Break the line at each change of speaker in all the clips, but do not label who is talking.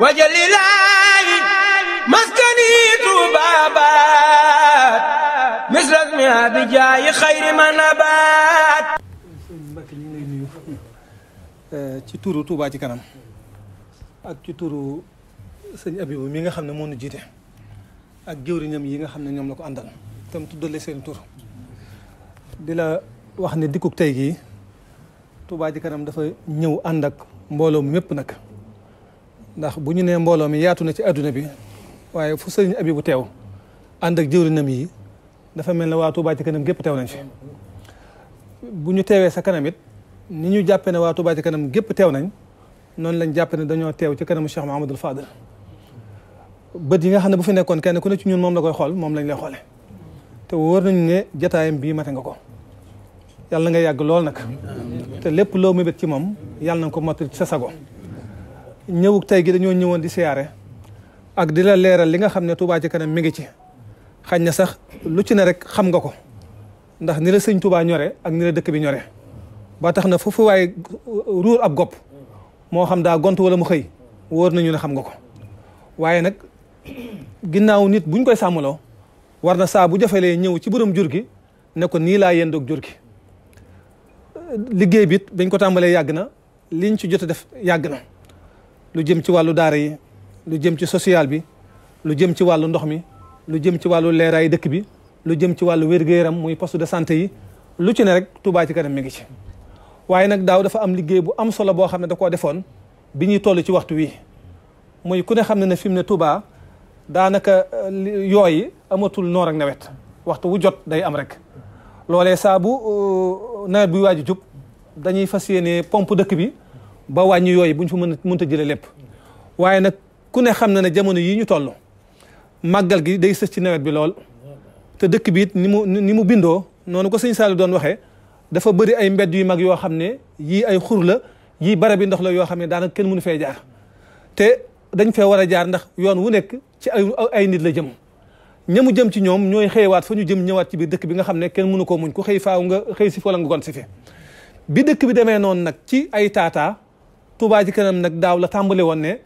wajalilaayi maskani tuubaabaat
misras mi abijaayi xayri ma nabaat ci turu Touba ci kanam ak ci turu sëñ Abibu mi nga xam ne moom na jiite ak jëwriñam yi nga xam ne ñoom la ko àndal tam tuddale seen tur di la wax ne dikkug tey gii Touba ci kanam dafa ñëw ànd ak mbooloo mu mépp nag ndax bu ñu nee mbooloo mi yaatu na ci àdduna bi waaye fu sëriñ abi bu teew ànd ak jëwrinam yi dafa mel ne waa Touba ci kanam gépp teew nañ fi bu ñu teewee sa kanamit it ni ñu jàppee ne waa Touba kanam gépp teew nañ noonu lañ jàpp ne dañoo teew ci kanamu Cheikh Mahamadul Fadal bët yi nga xam ne bu fi nekkoon kenn ku ne ci ñun moom la koy xool moom lañ lay xoole te war nañu ne jataayam bii mate nga ko yàlla nga yàgg lool nag te lépp loo mébét ci moom yàlla na ko mot ci sa sago ñëwug tey gi dañoo ñëwoon di siyaare ak di la leeral li nga xam ne Touba ci kanam ngi ci xañ na sax lu ci ne rek xam nga ko ndax ni la sëñ Touba ñore ak ni la dëkk bi ñore ba tax na foofu waaye ruur ab gopp moo xam daa gont wala mu xëy wóor nañu ne xam nga ko waaye nag ginnaaw nit buñ koy sàmmaloo war na saa bu jafelee ñëw ci borom jur gi ne ko nii laa yendoog jur gi liggéey bi it bañ ko tàmbalee yàgg na liñ ci jot def yàgg na lu jëm ci wàllu daara yi lu jëm ci social bi lu jëm ci wàllu ndox mi lu jëm ci wàllu leeraay dëkk bi lu jëm ci wàllu wér-gu-yaram muy poste de santé yi lu ci ne rek Touba ci kanam mi ngi ci waaye nag daaw dafa am liggéey bu am solo boo xam ne da koo defoon bi ñuy toll ci waxtu wii muy ku ne xam ne ne fi mu ne Touba daanaka euh, yooyu amatul noor ak nawet waxtu wu jot day am rek loolee saabu bu euh, nawet buy waaju jub dañuy fas yéene pompe dëkk bi ba wàññi yooyu bu ñu fa mën mënta jëlee lépp waaye nag ku ne xam na ne jamono yii ñu toll màggal gi day sës ci nawet bi lool te dëkk bi it ni mu ni mu bindoo noonu ko sëñ Saliou doon waxee dafa bari ay mbedd yu mag yoo xam ne yii ay xur la yii barabi ndox la yoo xam ne daanaka kenn mënu fee jaar te dañ fee war a jaar ndax yoon wu nekk ci ay ay nit la jëm ñamu jëm ci ñoom ñooy xëyewaat fa ñu jëm ñëwaat ci biir dëkk bi nga xam ne kenn mënu koo muñ ku xëy faaw nga xëy si fa nga gon si fi bi dëkk bi demee noonu nag ci ay taataa Touba ci kanam nag daaw la tàmbale woon ne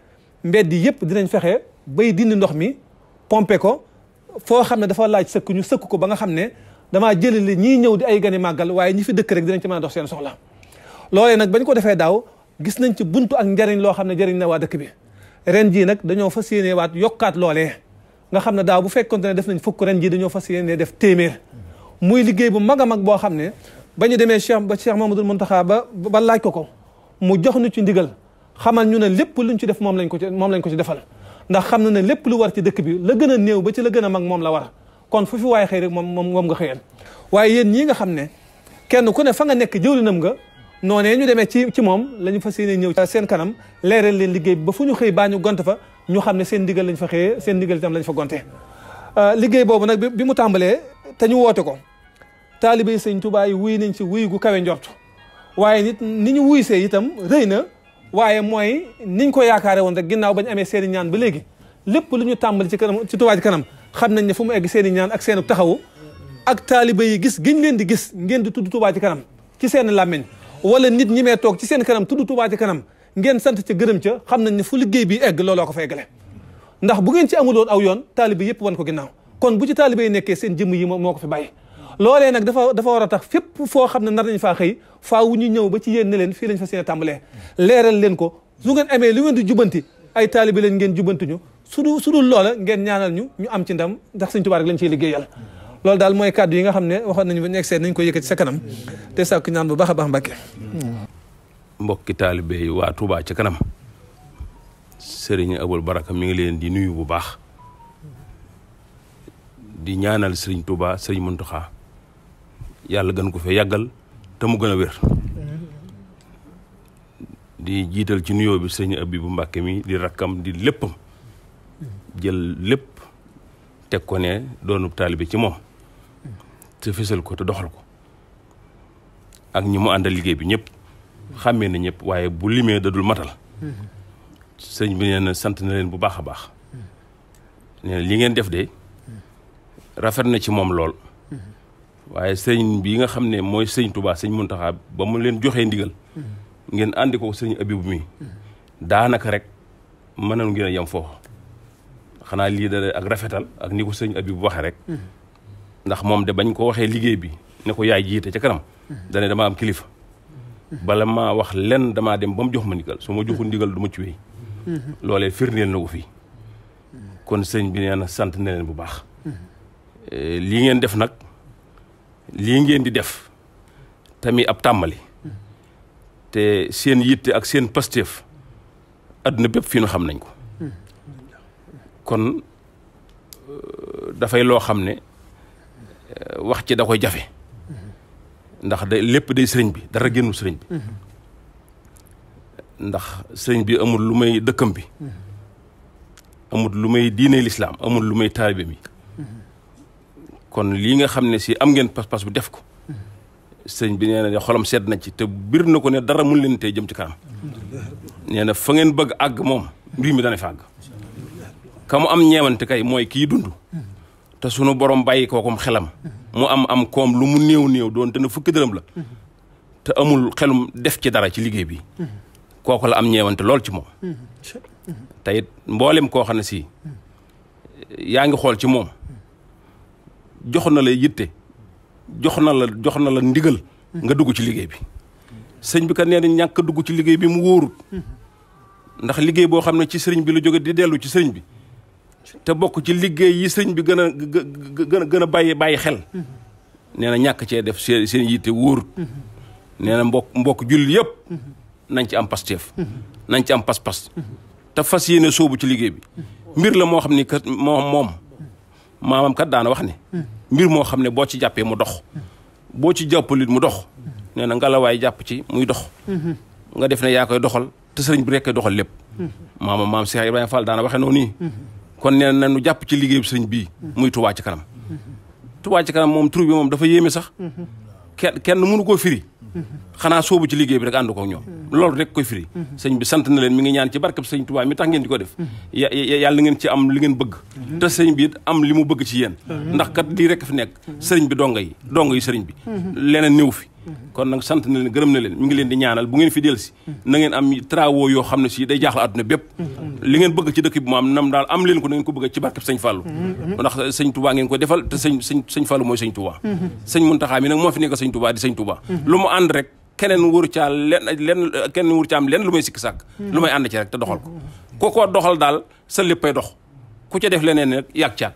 mbedd yëpp dinañ fexe bay dindi ndox mi pompe ko foo xam ne dafa laaj sëkk ñu sëkk ko ba nga xam ne damaa jëlale ñii ñëw di ay gani màggal waaye ñi fi dëkk rek dinañ ci mën seen soxla loolee nag bañ ko defee daaw gis nañ ci buntu ak njariñ loo xam ne jëriñ na waa dëkk bi ren jii nag dañoo fas yéene yokkaat loolee nga xam ne daaw bu fekkonte ne def nañ fukk ren jii dañoo fas yéene def téeméer muy liggéey bu mag a mag boo xam ne ba ñu demee Cheikh ba Cheikh Mamadou Mountakha ba ba laaj ko ko mu jox nu ci ndigal xamal ñu ne lépp luñ ci def moom lañ ko ci moom lañ ko ci defal ndax xam na ne lépp lu war ci dëkk bi la gën a néew ba ci la gën a mag moom la war kon fu fi waaye xëy rek moom moom moom nga xëyal waaye yéen ñii nga xam ne kenn ku ne fa nga nekk jëwlinam nga noonee ñu demee ci ci moom la ñu fas yéene ñëw seen kanam leeral leen liggéey bi ba fu ñu xëy baa ñu gont fa ñu xam ne seen ndigal lañ fa xëyee seen ndigal itam lañ fa gonte euh, liggéey boobu nag bi mu tàmbalee te ñu woote ko taalibe sëñ Tuubaa yi wuy nañ ci wuy gu kawe waaye nit ni ñu wuysee itam rëy na waaye mooy niñ ko yaakaare woon rek ginnaaw bañ amee seeni ñaan ba léegi lépp lu ñu tàmbali ci kanam ci Touba ci kanam xam nañ ne fu mu egg seeni ñaan ak seenu taxawu ak taaliba yi gis giñ leen di gis ngeen di tudd Touba ci kanam ci seen làmmiñ wala nit ñi mee toog ci seen kanam tudd Touba ci kanam ngeen sant ca gërëm ca xam nañ ne fu liggéey bi egg looloo ko fa eggale ndax bu ngeen ci amuloon aw yoon taaliba yëpp wan ko ginnaaw kon bu ci taaliba yi nekkee seen jëmm yi ko fi bàyyi loolee nag dafa dafa war a tax fépp foo xam ne nar nañ faa xëy faaw ñu ñëw ba ci yéen ne leen fii lañ fas yéene tàmbalee leeral leen ko su ngeen amee lu ngeen di jubbanti ay taalibi leen ngeen jubbanti ñu su dul su loola ngeen ñaanal ñu ñu am ci ndam ndax Sëñ Tuubaa rek lañ ciy liggéeyal loolu daal mooy yi nga xam ne waxoon nañu ba nekk seet ko yëkkati sa kanam te sàkku ñaan bu baax a baax Mbàkke
mbokki taalibe waa Touba ca kanam sëriñ Abul Baraka mi ngi leen di nuyu bu baax di ñaanal sëriñ Touba sëriñ Muntaxa yàlla gën ko fee yàggal te mu gën a wér di jiital ci nuyoo bi sëñ bu Mbàkke mi di rakkam di léppam jël lépp teg ko ne doonub taalibe ci moom te fësal ko te doxal ko ak ñi mu àndal liggéey bi ñëpp xàmmee na ñëpp waaye bu limee da matal sëñ bi nee sant na leen bu baax a baax nee na li ngeen def de rafet na ci moom lool waaye sëñ bi nga xam ne mooy sëñ tubaa sëñ Mountakha ba mu leen joxee ndigal ngeen àndi ko sëñ Abibu mi daanaka rek mënoon ngeen a yem foofu xanaa lii da ak rafetal ak ni ko sëñ Abibu waxee rek ndax moom de bañ ko waxee liggéey bi ne ko yaay jiite ci kanam dane dama am kilifa bala ma wax lenn damaa dem ba mu jox ma ndigal su ma joxul ndigal du ma ci wéy loolee firndeel na ko fii kon sëñ bi neen na sant na bu baax eh, lii ngeen def nag lii ngeen di def tamit ab tàmbali te seen yitte ak seen pasteef àdduna bépp fii nu xam nañ ko kon dafay loo xam ne wax ci da koy jafe ndax day lépp day sëriñ bi dara génnul sëriñ bi ndax sëriñ bi amul lu may dëkkam bi amul lu may diine lislaam amul lu may taalibe bi kon lii nga xam ne si am ngeen pas-pas bu def ko sëñ bi nee na xolam sedd na ci te bir na ko ne dara mun leen tey jëm ci kanam nee na fa ngeen bëgg àgg moom mbir mi dana fa àgg ka mu am ñeewante kay mooy kii dund te sunu borom bàyyi kookum xelam mu am am koom lu mu néew néew doon te na fukki dërëm la te amul xelum def ci dara ci liggéey bi kooku la am ñeewante lool ci moom te it koo xam ne si yaa ngi xool ci moom jox na la yitte jox na la jox na la ndigal nga dugg ci liggéey bi sëñ bi kat nee na ñàkk dugg ci liggéey bi mu wóorut ndax liggéey boo xam ne ci sëriñ bi lu jóge di dellu ci sëriñ bi te bokk ci liggéey yi sëriñ bi gën a gën a gën a bàyyi bàyyi xel nee na ñàkk cee def seen seen yitte wóorut nee na mbokk mbokk julli yëpp nañ ci am pasteef nañ ci am pas-pas te fas yéene soobu ci liggéey bi mbir la moo xam ni kat moom maamam kat daana wax ne mbir moo xam ne boo ci jàppee mu dox boo ci jàppalit mu dox nee na ngalawaay jàpp ci muy dox nga def ne yaa koy doxal te sëriñ bi rekk doxal lépp maamam maam Cheikh Ibrahima Fall daana waxe noonu kon nee na nu jàpp ci liggéeyu sëriñ bi muy Touba ci kanam Touba ci kanam moom tur bi moom dafa yéeme sax kenn kenn mënu koo firi xanaa soobu ci liggéey bi rek ànd ko ñoom mm. loolu rek koy firi mm-hmm. sëñ bi sant na leen mi ngi ñaan ci barkab sëñ Tuubaa mi tax ngeen di ko def mm-hmm. yàlla ngeen ci am li ngeen bëgg mm-hmm. te sëñ bi it li mu bëgg ci yéen ndax kat lii rek fi nekk sëriñ bi donga yi donga yi sëriñ bi leneen néew fi kon nag sant na leen na leen mi ngi leen di ñaanal bu ngeen fi dellusi na ngeen am travaux yoo xam ne si day jaaxal àdduna bépp li ngeen bëgg ci dëkk bi mu am nam daal am leen ko na ngeen ko bëgg ci barkeb sëñ Fallou ndax sëñ Touba ngeen ko defal te sëñ sëñ sëñ Fallou mooy sëñ Touba sëñ Muntaxa mi nag moo fi nekk sëñ Touba di sëñ Touba lu mu ànd rek keneen wóor caa len len keneen wóor caa am len lu may sikki sàkk hmm. lu may ànd ci rek te doxal ko ko ko doxal daal sa léppay dox ku ca def leneen rek yàgg caat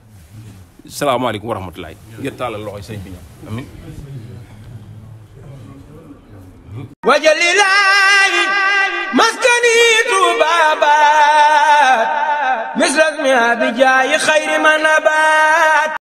salaamaaleykum wa rahmatulaay ngir tàllal loxoy sëñ bi ñam amin wajalilaayi maskanitu baabaat misras mi abijaayi xayri ma nabaat